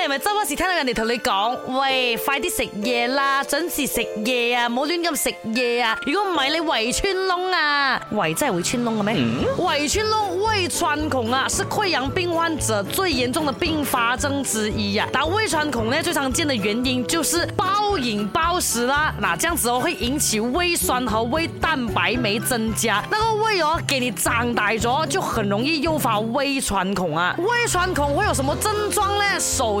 你係咪周不時聽到人哋同你講，喂，快啲食嘢啦，準時食嘢啊，唔好亂咁食嘢啊！如果唔係，你胃穿窿啊！胃真係會穿窿嘅咩？胃穿窿，胃穿孔啊，是潰瘍病患者最嚴重的併發症之一啊。但胃穿孔呢，最常見的原因就是暴飲暴食啦，嗱，這樣子哦會引起胃酸和胃蛋白酶，增加，那個胃哦給你脹大咗，就很容易誘發胃穿孔啊！胃穿孔會有什麼症狀呢？首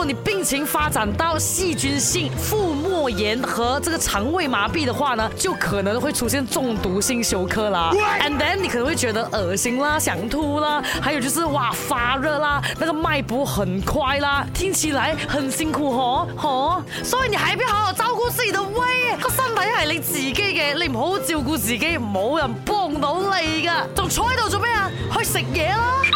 如果你病情發展到細菌性腹膜炎和這個腸胃麻痹的話呢，就可能會出現中毒性休克啦。And then 你可能會覺得噁心啦、想吐啦，還有就是哇發熱啦、那個脈搏很快啦，聽起來很辛苦，吼吼。所以你喺邊好好照顧自己嘅胃，個身體係你自己嘅，你唔好照顧自己，冇人幫到你噶。仲坐喺度做咩啊？去食嘢啦！